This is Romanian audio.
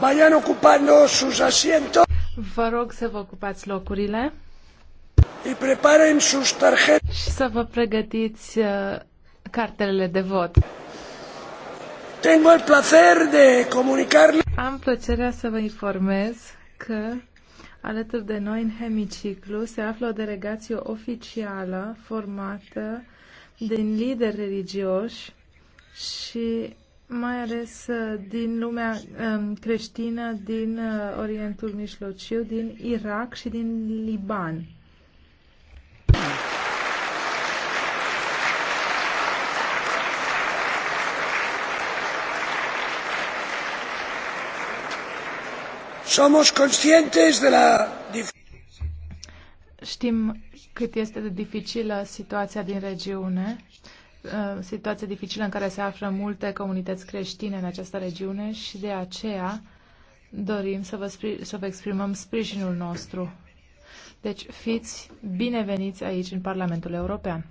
Vayan ocupando sus asientos. Vă rog să vă ocupați locurile. Y preparen sus tarjetas. Și să vă pregătiți uh, cartelele de vot. Tengo el placer de comunicarle. Am plăcerea să vă informez că alături de noi în hemiciclu se află o delegație oficială formată din lideri religioși și mai ales uh, din lumea um, creștină, din uh, Orientul Mijlociu, din Irak și din Liban. Somos conscientes de la Știm cât este de dificilă situația din regiune Uh, situație dificilă în care se află multe comunități creștine în această regiune și de aceea dorim să vă, să vă exprimăm sprijinul nostru. Deci fiți bineveniți aici în Parlamentul European.